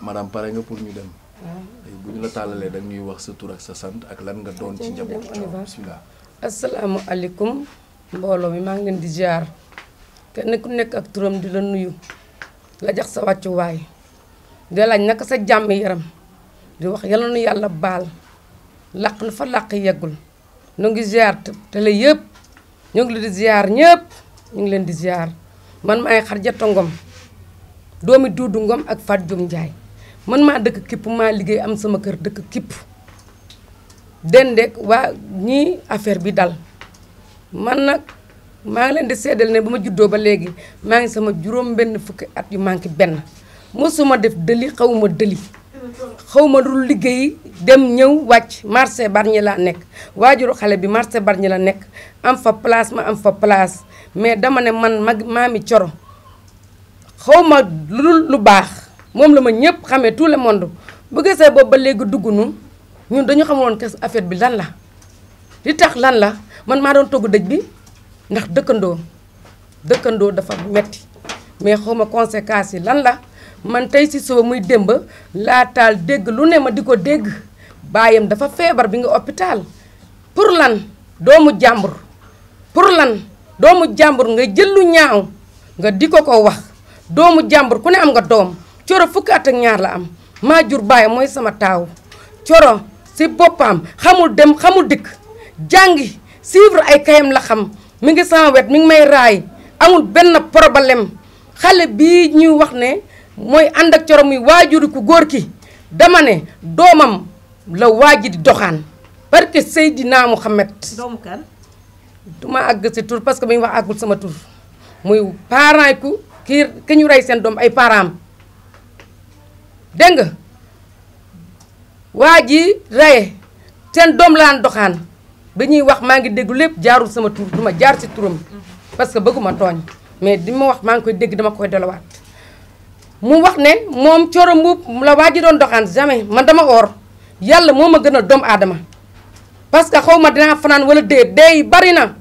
madame pare nga pour ñu dem. Ah. bu ñu la tàllalee da ñuy wax sa tur ak sa sant ak lan nga doon ci njabootu coono bisimilah. asalaamualeykum mbooloo mi maa ngi leen di ziar kenn ku nekk ak turam di la nuyu la jax sa wàccuwaay di laaj naka sa jàmm yaram di wax yal na yàlla baal làq na fa làq yeggul ñu ngi ziar te la yëpp ñu ngi leen di ziar ñëpp ñu ngi leen di ziar man maay ja Ngom doomi Duudu Ngom ak Fat Jum Njaay man maa dëkk kipp maa liggéey am sama kër dëkk kipp dendeeg waa ñii affaire bi dal man nag maa ngi leen di seddal ne ba ma juddoo ba léegi maa ngi sama juróom benn fukki at yu manqué benn mosuma def dëli xawma xaw ma dul liggéey dem ñëw wàcc marché Bargny laa nekk waajuru xale bi marché Bargny la nekk am fa place ma am fa place mais dama ne man mag maami coro xawma lu dul lu baax moom la ma ñëpp xamee tout le monde bu gisee boobu ba léegi dugg nu ñun dañu xamoon kes affaire bi lan la li tax lan la man maa doon togg dëj bi ndax dëkkandoo dëkkandoo dafa metti mais xawma conséquences yi lan la man tey si suba muy démb laataal dégg lu ne ma di ko dégg baayam dafa feebar bi nga hôpital pour lan doomu jàmbur pour lan doomu jàmbur nga jël lu ñaaw nga di ko ko wax doomu jàmbur ku ne am nga doom coro fukki at ak ñaar la am maa jur baay mooy sama taaw coro si boppam xamul dem xamul dikk jàngi suivre ay kayam la xam mi ngi sama wet mi ngi may raay amul benn problème xale bi ñuy wax ne mooy ànd ak coro muy waajuri ku góor ki dama ne doomam la waaji di doxaan parce que Seydina Mouhamed doomu kan duma àgg si tur parce que bu ñu wax àggul sama tur muy parent ku kii ki ñu rey seen doom ay param dégg nga waa ji reye seen doom laan doxaan bi ñuy wax maa ngi dégg lépp jaarul sama tur duma jaar ci turam parce que bëgguma tooñ mais di ma wax maa ngi koy dégg dama koy dolawaat mu wax ne moom cooro mbuub la waa ji doon doxaan jamais man dama oor yàlla moo ma gën a doom aadama parce que xaw ma dinaa fanaan wala dee dee yi bari na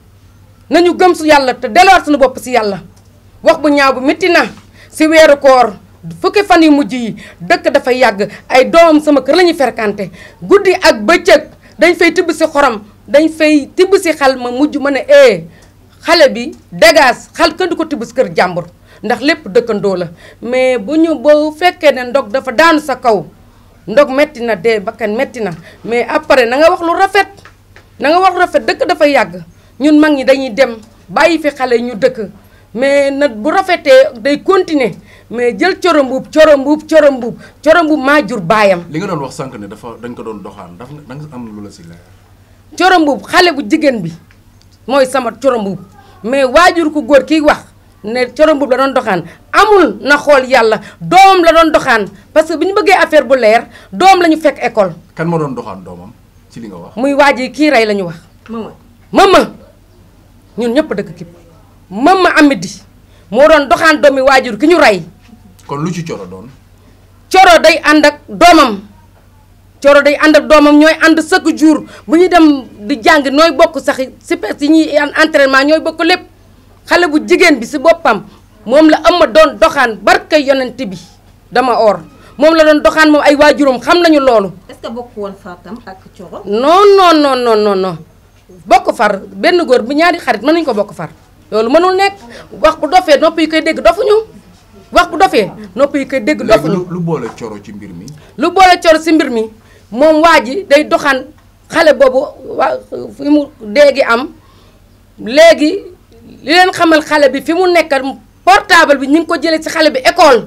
nañu gëm su yàlla te delluwaat suñu bopp si yàlla wax bu ñaaw bu métti na si weeru koor fukki fan yu mujj yi dëkk dafa yàgg ay doom sama kër lañuy ñuy ferkante guddi ak bëccëg dañ fay tibb si xorom dañ fay tibb si xal ma mujj ma ne eh, xale bi dégage xal kenn ko tibb si kër jàmbur ndax lépp dëkkandoo la mais bu ñu boo fekkee ne ndog dafa daanu sa kaw ndog metti na dee bakkan metti na mais après na nga wax lu rafet na nga wax lu rafet dëkk dafa yàgg ñun mag ñi dañuy dem bàyyi fi xale ñu dëkk mais nag bu rafetee day continuer mais jël coro mbuub coro mbuub coro mbuub coro mbuub maa jur baayam. li nga doon wax sànq ne dafa dañ ko doon doxaan daf da nga am lu la si leer. coro xale bu jigéen bi mooy sama coro mais waajur ku góor kiy wax ne coro mbuub la doxaan amul na xool yàlla doomam la doon doxaan parce que bi ñu bëggee affaire bu leer doom lañu fekk école. kan ma doon doxaan doomam ci li nga wax. muy waaj yi kii rey la ñu wax. mama mama ñun ñëpp dëkk képp. Mama Amady moo doon doxaan doomi waajur ki ñu rey. kon lu ci coro doon. coro day ànd ak doomam coro day ànd ak doomam ñooy ànd chaque jour bu ñu dem di jàng nooy bokk sax si pes yi ñuy entraînement ñooy bokk lépp xale bu jigéen bi si boppam moom la am doon doxaan barka yonent bi dama or moom la doon doxaan moom ay waajuram xam nañu loolu. est-ce que bokk woon Fatam ak coro. non non non non non bokk far benn góor bu ñaari xarit mën nañ ko bokk far. loolu mënul nekk wax bu dofee nopp yi koy dégg dofuñu wax bu dofee nopp yi koy dégg dofuñu lu boole coro ci mbir mi lu boole coro ci mbir mi moom waa ji day doxan xale boobu wa fi mu déegi am léegi li leen xamal xale bi fi mu nekk portable bi ñu ngi ko jëlee ci xale bi école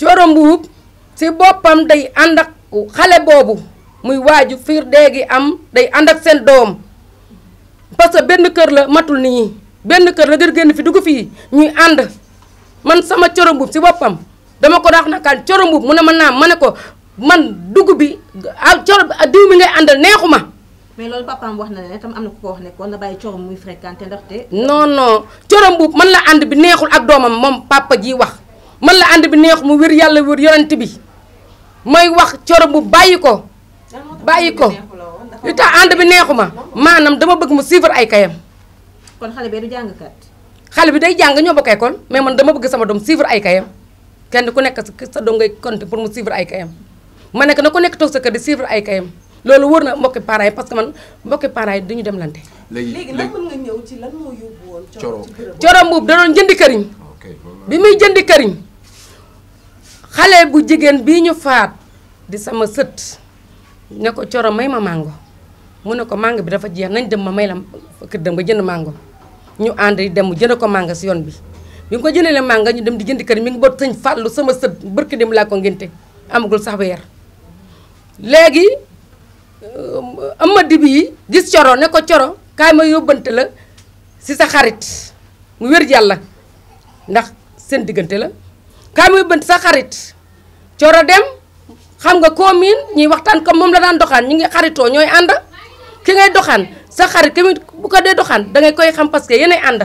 coro mbuub ci boppam day ànd ak xale boobu muy waaju fiir déegi am day ànd ak seen doom parce que benn kër la matul nii benn kër la gën génn fi dugg fii ñuy ànd man sama Coro Mbuub si boppam dama ko daax nakaan Coro Mbuub mu ne ma naam ma ne ko man dugg bi ah Coro diw mi ngay àndal neexuma mais loolu papaam wax na ne am na ku ko wax ne na bàyyi muy fréquenté ndaxte. non non man la ànd bi neexul ak doomam moom papa ji wax man la ànd bi neexu mu wér yàlla wér yonent bi may wax Coro bàyyi ko bàyyi ko. li tax ànd bi neexu ma maanaam dama bëgg mu suivre ay kayam. kon xale bi du jàng xale bi day jàng ñoo bokk école mais man dama bëgg sama doom suivre ay kayam kenn ku nekk sa doom ngay compter pour mu suivre ay kayam ma nekk na ku nekk toog sa kër di suivre ay kayam. loolu wóor na mbokki parents yi que man mbokki parents yi duñu dem lante. léegi léegi lan mën nga ñëw ci lan moo yóbbu woon. coro coro boobu da jëndi këriñ. bi muy jëndi këriñ xale bu jigéen bii ñu faat di sama sët ne ko coro may ma màngo mu ne ko màngo bi dafa jeex nañ dem ma may la kër dem ba jënd màngo ñu ànd dem jënd ko màng si yoon bi bi nga ko jëndalee màngo ñu dem di jënd mi ngi boot sëñ fàllu sama sët barki dem laa ko amagul sax weer léegi euh, amadi bi gis coro ne ko coro kaay yóbbante la si sa xarit mu wér yàlla ndax seen diggante la kaay ma yóbbante sa xarit coro dem xam nga koo miin ñuy waxtaan comme moom la daan doxaan ñu ngi xaritoo ñooy ànd ki ngay doxaan sa xarit ki doxaan dangay koy xam parce que yéenay ànd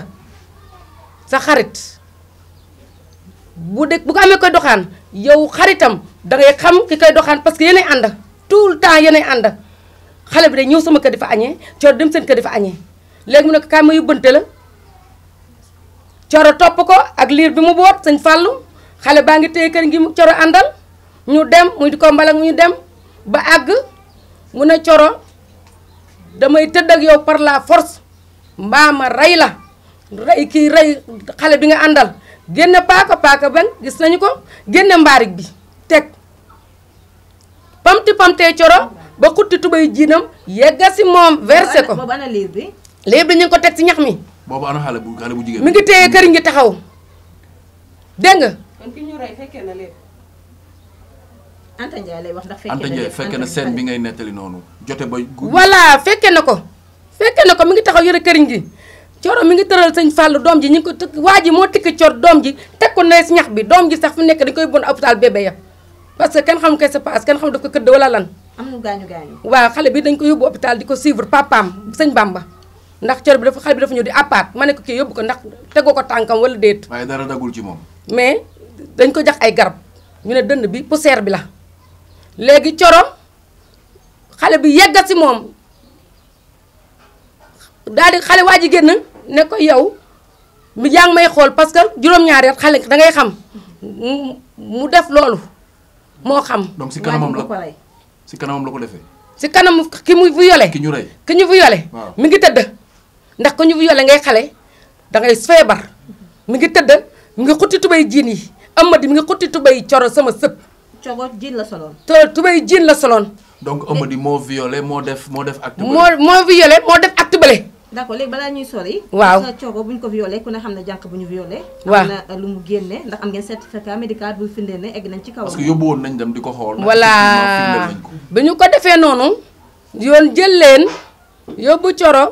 sa xarit bu dee bu ko amee koy xaritam dangay xam ki koy parce que yéenay ànd tout temps yéenay ànd xale bi day ñëw sama kër di dem seen kër di fa añee léegi mu ne la coro topp ko ak liir bi mu boot sañ fàllu xale baa ngi téye kër ngi coro àndal ñu dem muy di ko mbalang ñu dem ba àgg mu ne coro damay tëdd ak yow par la force mbaa ma rey la rey kii rey xale bi nga àndal génne paaka paaka ben gis nañu ko génne mbaarik bi teg pamti pamtee coro ba xutti tubay jiinam yegga si moom versé ko liir bi ñu ngi ko teg ci ñax mi boobu ana xale bu mi ngi téye kër ngi taxaw dégg ñu rey Anta Ndiaye lay wax ndax fekkee na scène bi ngay nettali noonu jote ba. voilà fekkee na ko fekkee na ko mu ngi taxaw yore këriñ gi coro mi ngi tëral sañ Fallou doom ji ñu ngi ko tëkk waa ji moo tëkk cor doom ji teg ko ne si bi doom ji sax fu nekk dañu koy bon hôpital bébé ya parce que kenn xam kay se passe kenn xam ko këdd wala lan. am na gaañu gaañu. xale bi dañ ko yóbbu hôpital di ko suivre papaam sëñ Bamba ndax bi dafa xale bi dafa ñëw di appaat ma ne ko kii yóbbu ko ndax tegoo ko tànkam wala déet. waaye dara dagul ci moom. mais dañ ko jax ay garab ñu ne dënn bi poussière bi la léegi coro xale bi yeggat si moom daal di xale waa ji génn ne ko yow mu yaa may xool parce que juróom-ñaari xale da ngay xam mu def loolu moo xam. donc si kanamam la si kanamam la ko defee. si kanam ki mu fi yole ki ñu fi yole mi ngi tëdd ndax ku ñu fi yole ngay xale dangay ngay feebar mi ngi tëdd mi ngi xutti tubay jiin yi am di mi ngi xutti tubay coro sama sëpp. cogo jiin la soloon. te tubéy jiin la soloon. donc Amady moo violé moo def moo def acte. moo moo violé moo def at bële. d'accord léegi balaa ñuy sori. waaw sa cogo bu ñu ko violé ku ne xam ne jànq bu ñu violé. na lu mu génne ndax am ngeen certificat médical bu firndee ne egg nañ ci kaw parce que nañ dem di ko xool. voilà bi ko defee noonu. yoon jël leen yóbbu coro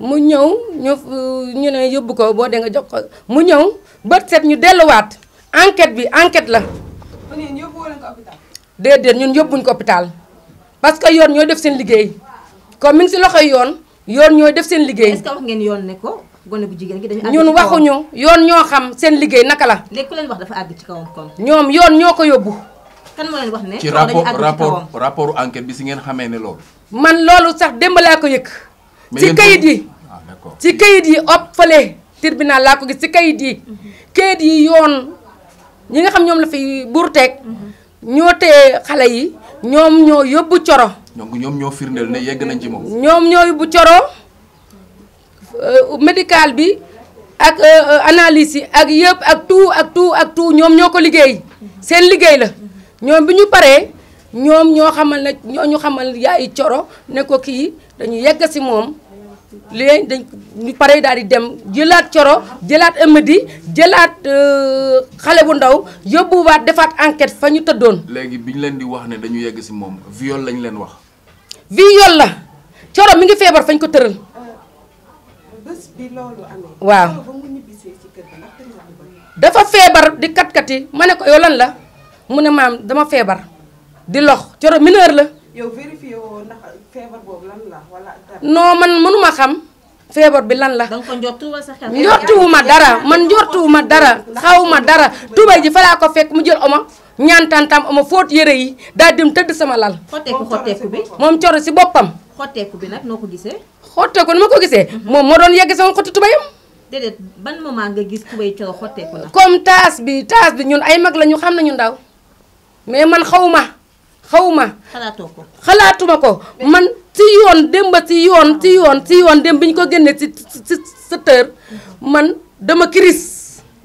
mu ñëw ñu ñu ne yóbbu ko boo dee nga jox ko mu ñëw bët set ñu delluwaat enquête bi enquête la. déedéet ñun yóbbuñ ko hôpital parce que yoon ñooy def seen liggéey comme mi ngi si loxoy yoon yoon ñooy def seen liggéey. est ngeen yoon ne ko gone bu jigéen gi dañu ñun waxuñu yoon ñoo xam seen liggéey naka la. léegi ku wax dafa àgg ci kawam kon. ñoom yoon ñoo ko yóbbu. kan moo leen wax ne. ci rapport rapport rapport enquête bi si ngeen xamee ne loolu. man loolu sax démb laa ko yëg. ci kayit yi ah, ci kayit yi op fële tribunal laa ko gis ci kayit yi. kayit yi yoon ñi nga xam ñoom la fi buur teeg mhm. ñoo téye xale yi ñoom ñoo yóbbu coro. donc ñoom ñoo firndeel ne yegg nañ ci moom. ñoom ñoo yóbbu coro euh, médical bi ak euh, analyse yi ak yëpp ak tout ak tout ak tout ñoom ñoo ko liggéey seen liggéey la ñoom bi ñu paree ñoom ñoo xamal ne ñoo ñu xamal yaayu coro ne ko kii dañu yegg si moom. léegi dañ ñu pare daal di dem jëlaat coro jëlaat ëmmëdi jëlaat euh, xale bu ndaw yóbbuwaat defaat enquette fa ñu tëddoon. léegi bi ñu leen di wax ne dañu yegg si moom viol lañu leen wax. viol la coro mi ngi feebar fañ ko tëral. waaw dafa feebar di katkati ma ne ko yow la mu ne maam dama feebar di lox coro mineur la. yow vérifié woo ndax lan la wala. non man mënuma xam. feebar bi lan la. da nga ko njortuwul sa njortuwuma dara man njortuwuma dara xaw ma dara tubay ji fa laa ko fekk mu jël oma ñantantam tantam oma fóot yëre yi daal dem tëdd sama lal. xotteeku xotteeku bi moom coro si boppam. xotteeku bi nag noo ko gisee. xotteeku ni ma ko gisee. Mhm. moom moo doon yegg sama xotti tubayam. déedéet ban nga gis xotteeku na. comme taas bi taas bi ñun ay mag la ñu xam nañu ndaw mais man xaw ma xawma xalaatoo ko xalaatuma ko man ci yoon dem ba ci yoon ci yoon ci yoon dem bi ñu ko génnee ci ci sept heures man dama kiris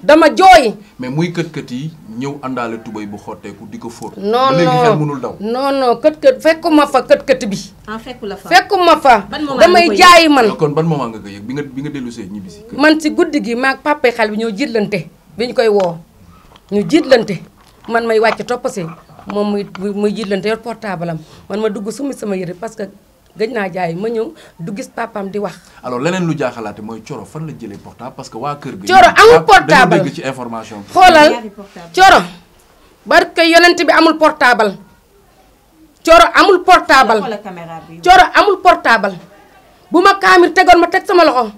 dama jooy. mais muy kët-kët yi ñëw àndaale tubay bu ku di ko fóot. non non léegi xel mënul daw. non non kët-kët fekkuma fa kët-kët bi. ah fekkuma fa fekkuma fa. damay jaay man. Ah, kon ban moment nga ko yëg bi nga bi nga dellu ñibbi si. man ci guddi gi maag papa xel bi ñoo jiitlante bi ñu koy woo ñu jiitlante man may wàcc topp si moom muy muy jiitlante yor portable am man ma dugg summi sama yëre parce que gëj naa jaay ma ñëw du gis papaam di wax. alors leneen lu jaaxalaate mooy Coro fan la jëlee portable parce que waa kër gi. Coro amul portable dégg ci information xoolal Coro barke yonent bi amul portaabal Coro amul portable Coro amul portable. bu ma kaamir tegoon ma teg sama loxo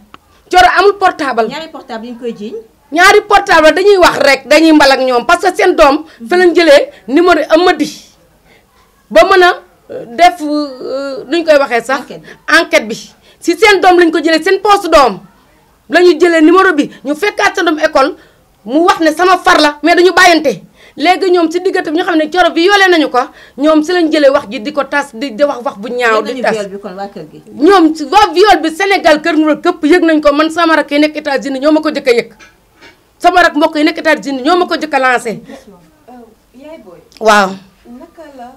Coro amul portable. ñaari portable ñu koy jiiñ. ñaari portable dañuy wax rek dañuy mbal ak ñoom parce que seen doom fa lañ jëlee numéro Amady ba mën a euh, def euh, nuñ koy waxee sax. enquête bi si seen doom lañ ko jëlee seen poste doom la ñu jëlee numéro bi ñu fekkaat seen doom école mu wax ne sama far la mais dañu bàyyante. léegi ñoom si diggante bi ñu xam ne coro bi yoolee nañu ko ñoom si lañ jëlee wax ji di ko tas di di wax wax bu ñaaw di tas ñoom waa viol bi Sénégal kër mu këpp yëg nañ ko man sama nekk États-Unis ñoo ma ko jëkk a yëg sama rak mbokk yi nekk États-Unis ñoo ma ko jëkk a euh, waaw. naka la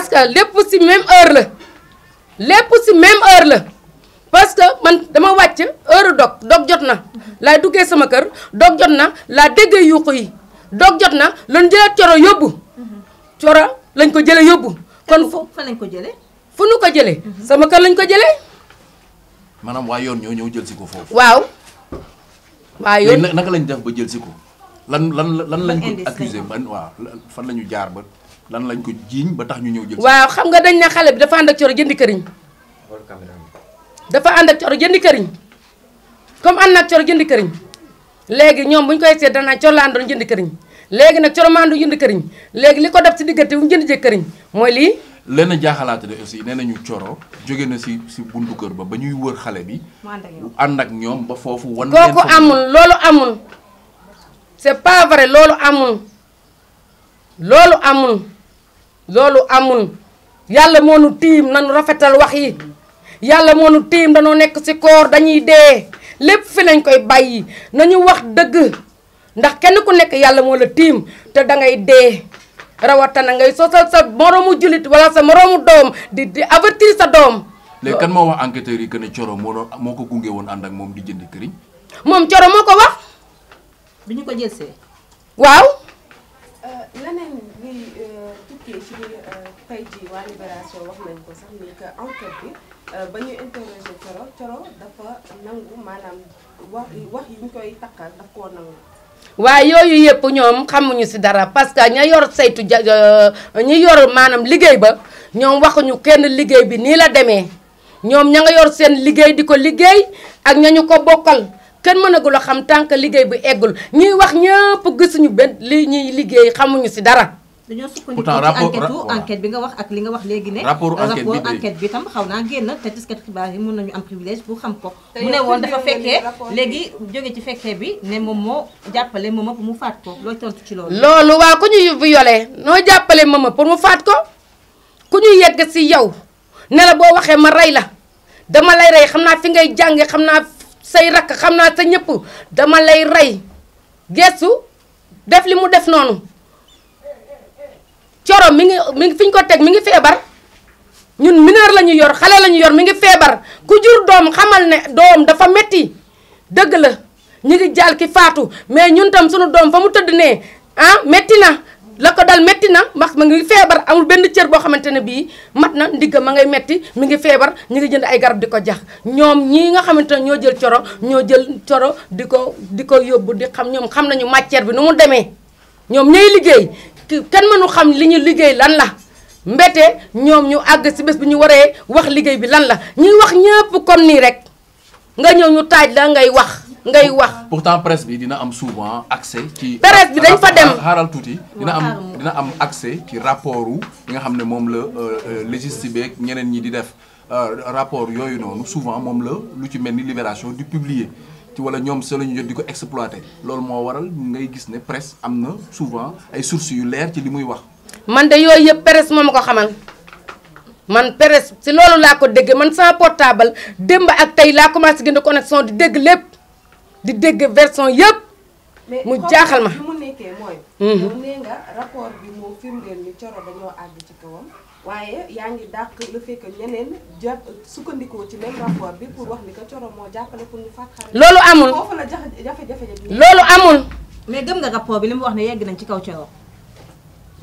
que lépp si même heure la lépp si même heure la parce que man dama wàcc a dog dog jot na laay duggee sama kër dog jot na laa déggee yuuxu yi dog jot na lan jëlee coro yóbbu. coro lañ ko jëlee yóbbu. kon fu fa lañ ko jëlee. fu nu ko jëlee. Mhm. sama kër lañ ko jële maanaam waa yoon ñoo ñëw jël si ko foofu. waaw. waa yoon léegi naka lañ def ba jël si ko. lan lan lan lañ ko accusé waaw fan la ñu jaar ba lan lañ ko jiiñ ba tax ñu ñëw jël si. waaw xam nga dañ ne xale bi dafa ànd ak coro jëndi këriñ. dafa ànd ak coro jëndi këriñ. comme ànd ak coro jëndi këriñ léegi ñoom bu ñu koy seet danaa coro la àndoon jëndi këriñ léegi nag coro ma àndu jëndi këriñ léegi li ko def si diggante bu mu jënd jëkkëriñ mooy lii lenn jaaxalaate de aussi nee nañu coro jóge na si si buntu kër ba ba ñuy wër xale bi. ànd ak ñoom ba foofu. wan leen kooku amul loolu amul. c'est pas vrai loolu amul. loolu amul. loolu amul. yàlla moo nu tiim nanu rafetal wax yi. yàlla moo nu tiim danoo nekk ci koor dañuy dee. lépp fi lañ koy bàyyi nañu wax dëgg ndax kenn ku nekk yàlla moo la tiim te dangay dee. rawatina ngay sosal sa moroomu jullit wala sa moroomu doom di di avertir sa doom. léegi moo wax enquêteurs yi que ne Coro moo doon ko gunge woon ànd ak moom di jënd këriñ. moom Coro moo ko wax. bi ñu ko jëlsee. waaw. Euh, leneen luy euh, tukkee ci biir euh, tey waa Libération wax nañ ko sax ni que enquête bi ba ñu interroger Coro Coro dafa nangu maanaam wax wax yi ñu koy takkal daf koo nangu. waaye yooyu yëpp ñoom xamuñu ci dara parce que ña yor saytu ja euh, ñu yor maanaam liggéey ba ñoom waxuñu kenn liggéey bi nii la demee ñoom ña nga yor seen liggéey di ko liggéey ak ñañu ko bokkal kenn mënagul xam tant que liggéey bi eggul ñuy wax ñëpp gisuñu benn li ñuy liggéey xamuñu ci dara. dañoo sukkandiku ci enquête bi nga wax ak li nga wax léegi ne rapport enquête bi tam xaw naa génn te tiskat xibaar yi mun nañu am privilège bu xam ko mu ne woon dafa fekkee léegi jóge ci fekkee bi ne moom moo jàppale mama pour mu faat ko looy tontu ci loolu loolu waa ku ñuy violé noo jàppale ma mama pour mu faat ko ku ñuy yegg si yow ne la boo waxee ma rey la dama lay rey xam naa fi ngay jànge xam naa say rakk xam naa sa ñëpp dama lay rey gestu def li mu def noonu Coro mi ngi mi ngi fi ñu ko teg mi ngi feebar ñun mineur la ñu yor xale la ñu yor mi ngi feebar ku jur doom xamal ne doom dafa metti dëgg la ñu ngi jaal ki faatu mais ñun tam sunu doom fa mu tëdd ne ah metti na la dal metti na max ma ngi feebar amul benn cër boo xamante ne bii mat na ndigga ma ngay metti mi ngi feebar ñu ngi jënd ay garab di ko jax ñoom ñii nga xamante ne ñoo jël coro ñoo jël coro di ko di ko yóbbu di xam ñoom xam nañu matière bi nu mu demee ñoom ñooy liggéey kenn mënu xam li ñu liggéey lan la mbete ñoom ñu àgg si bés bi ñu waree wax liggéey bi lan la ñuy wax ñëpp comme nii rek nga ñëw ñu taaj la ngay wax ngay wax. pourtant presse bi dina am souvent accès. ci presse bi dañ fa dem xaaral tuuti. dina am dina am accès ci rapport wu nga xam ne moom la euh, euh, légiste beeg ñeneen ñi di def euh, rapport yooyu noonu souvent moom la lu ci mel ni Libération di publier. ci wala ñoom sa la ñu jot di ko exploité loolu moo waral ngay gis ne presse am na souvent ay sources yu leer ci li muy wax. man de yooyu yëpp presse moo ma ko xamal man presse si loolu laa ko dégg man sama portable démb ak tey laa commencé gën a connexion di dégg lépp di dégg version yëpp. mu jaaxal ma mu nekkee mooy. Mhm. nee nga rapport ci kawam. waaye yaa ngi dàq le fait que ñeneen jàpp ci même rapport bi pour wax ni que Coro moo jàppale pour loolu amul foofu la jafe-jafe loolu amul. mais gëm nga rapport bi li mu wax ne yegg nañ ci kaw Coro.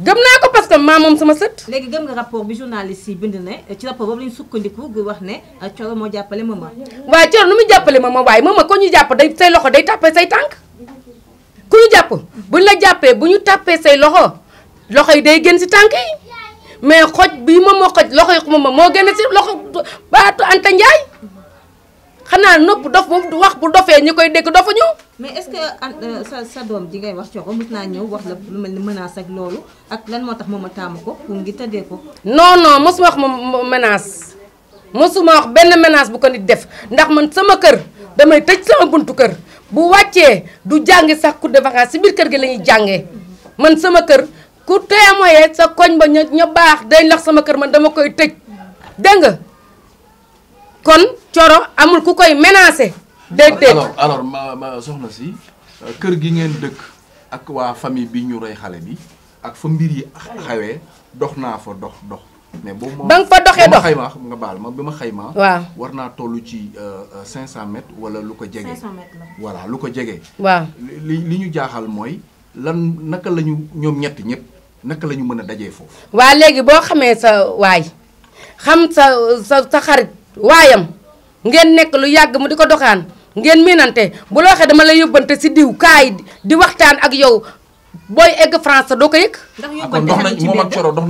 gëm naa ko parce que maa moom sama sët. léegi gëm nga rapport bi journaliste yi bind ne ci rapport boobu lañu sukkandiku gu wax ne Coro moo jàppale mama. waaye Coro lu mu jàppale mama waaye mama ko ñu jàpp day say loxo day tàppee say tànk. ku ñu jàpp bu ñu la jàppee bu ñu tàppee say loxo loxo yi day gën si tànk yi. mais xoj bii moom moo xoj loxo yi xuma moo génne si loxo baatu Anta Ndiaye xanaa nopp dof moom du wax bu dofee ñu koy dégg dofuñu. mais est-ce que euh, sa sa doom ji ngay wax Coga mos naa ñëw wax la lu mel ni menace ak loolu ak lan moo tax moom ma taamu ko pour ngi tëddee ko. non non mosuma wax ma menace mosuma wax benn menace bu ko nit def ndax man sama kër damay tëj sama buntu kër bu wàccee du jàngi sax cours de vacances si biir kër gi la ñuy jàngee man sama kër. ku témoyee sa koñ ba ña ña baax day lax sama kër man dama koy tëj dégg nga kon coro amul ku koy menacé. déedéet alors alors ma ma soxna si euh, kër gi ngeen dëkk ak waa famille bi ñu rey xale bi ak fa mbir yi xawee dox naa fa dox dox. mais boobu moom ba nga fa doxee dox xayma nga baal ma bi xayma. war naa toll ci 500 euh, euh, mètres wala lu ko jege. 500 mètres lu ko jege. waaw li li ñu jaaxal mooy lan naka lañu ñu ñoom ñett ñëpp. naka la ñu mën a dajee foofu. waa léegi boo xamee sa waay xam sa sa sa xarit waayam ngeen nekk lu yàgg mu di ko doxaan ngeen miinante bu la waxee dama lay yóbbante si diw kaay di waxtaan ak yow booy egg France doo ko yëg. ndax ah, yóbbante xale ci moom ak Coro dox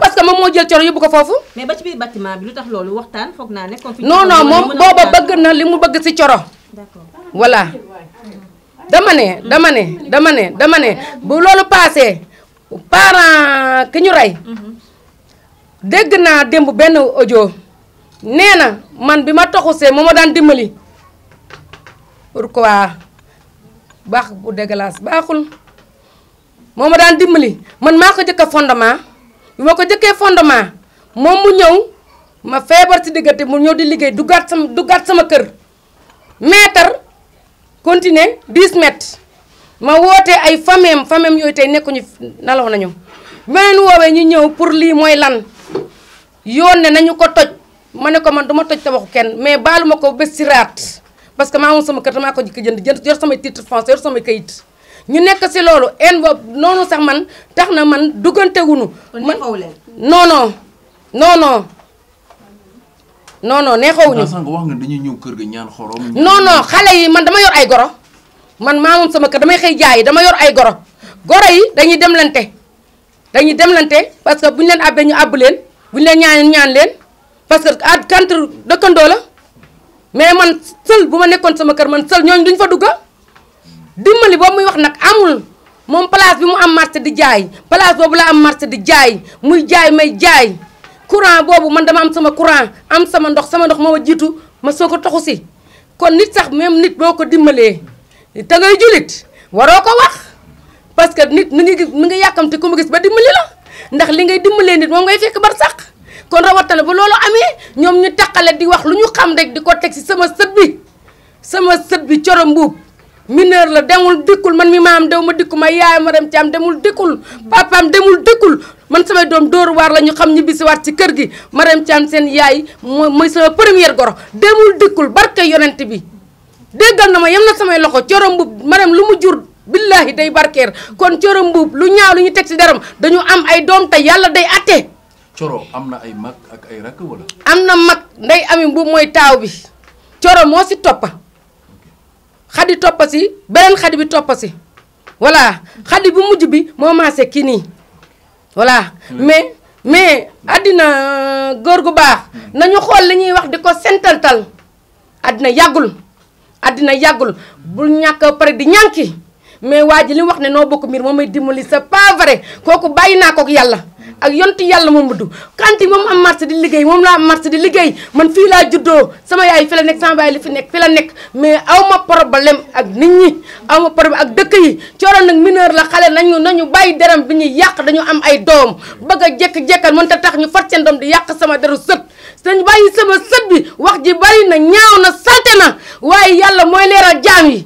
parce que moom moo jël coro yóbbu ko foofu. mais ba ci biir bâtiment bi lu tax loolu waxtaan foog naa ne. non non moom booba bëgg na li mu bëgg si coro. d'accord voilà dama ne dama ne dama ne dama ne bu loolu parent ki ñu rey. Mhm. dégg naa démb benn audio nee na man bi ma toxusee moo ma daan dimbali pourquoi baax bu dégueulasse baaxul moo ma daan dimbali man maa ko jëkk fondement bi ma ko jëkkee fondement moom mu ñëw ma feebar ci diggante mu ñëw di liggéey duggaat sama duggaat sama kër meetar continuer 10 mètres. ma woote ay fameem fameem yooyu tey nekkuñu nalaw nañu ma leen woowee ñu ñëw pour lii mooy lan yoon ne nañu ko toj ma ne ko man duma toj tabaxu kenn mais baalu ma ko bés si raat parce que maa moom sama kër maa ko jëkk jënd jënd yor samay titre foncier yor samay kayit ñu nekk si loolu en boobu noonu sax man tax na man duggante noonoo man non non non non non non neexawuñu non non xale yi man dama yor ay goro man maa moom sama kër damay xëy jaay dama yor ay goro goro yi dañuy demlante dañuy demlante parce que bu ñu leen àbbee ñu àbb leen bu ñu leen ñaan ñaan leen parce que à contre dëkkandoo la mais man sël bu ma nekkoon sama kër man sël ñooñu duñ fa dugga dimbali boobu muy wax nag amul moom place bi mu am marché di jaay place boobu laa am marché di jaay muy jaay may jaay courant boobu man dama am sama courant am sama ndox sama ndox moo ma jiitu ma soo ko toxu si kon nit sax même nit boo ko dimbalee te ngay jullit waroo ko wax parce que nit ni ngi gis mi ngi yàkkamte ku mu gis ba dimbali la ndax li ngay dimbalee nit moom ngay fekk bar sax kon rawatina bu loolu amee ñoom ñu taqale di wax lu ñu xam rek di ko teg ci sama sët bi sama sët bi coro mbuub mineur la demul dikkul man mi maam dew ma dikku ma yaay ma dem ci am demul dikkul papaam demul dikkul man samay doom dóoru waar la ñu xam si bisiwaat ci kër gi ma dem ci am seen yaay mooy sama première goro demul dikkul barke yonent bi déggal na ma yem na samay loxo Coro Mbuub madame lu mu jur billaahi day barkeer kon Coro Mbuub lu ñaaw lu ñu teg si deram dañu am ay doom te yàlla day atte am na ay mag na mag nday ami mbuub mooy taaw bi Coro moo si toppa xadi toppa si beneen xadi bi toppa si voilà xaddi bu mujj bi moo maase kii nii voilà mais mais àddina góor gu baax hmm. nañu xool li ñuy wax di ko sentantal àddina yàggul àddina yàggul bu ñàkk pare di ñànki mais waa ji li wax ne noo bokk mbir moom may dimbali c'est pas vrai kooku bàyyi naa ko ak yàlla ak yonti yàlla moom buddu kanti moom am marché di liggéey moom laa am marché di liggéey man fii laa juddoo sama yaay fi la nekk sama baay li fi nekk fi la nekk mais aw ma problème ak nit ñi aw ma problème ak dëkk yi cooroon nag mineur la xale nañu nañu bàyyi deram bi ñuy yàq dañu am ay doom bëgg a jekk-jekkal mën ta tax ñu fat di yàq sama deru sët dañ bàyyi sama sët bi wax ji bari na ñaaw na salte na waaye yàlla mooy leeral jaam yi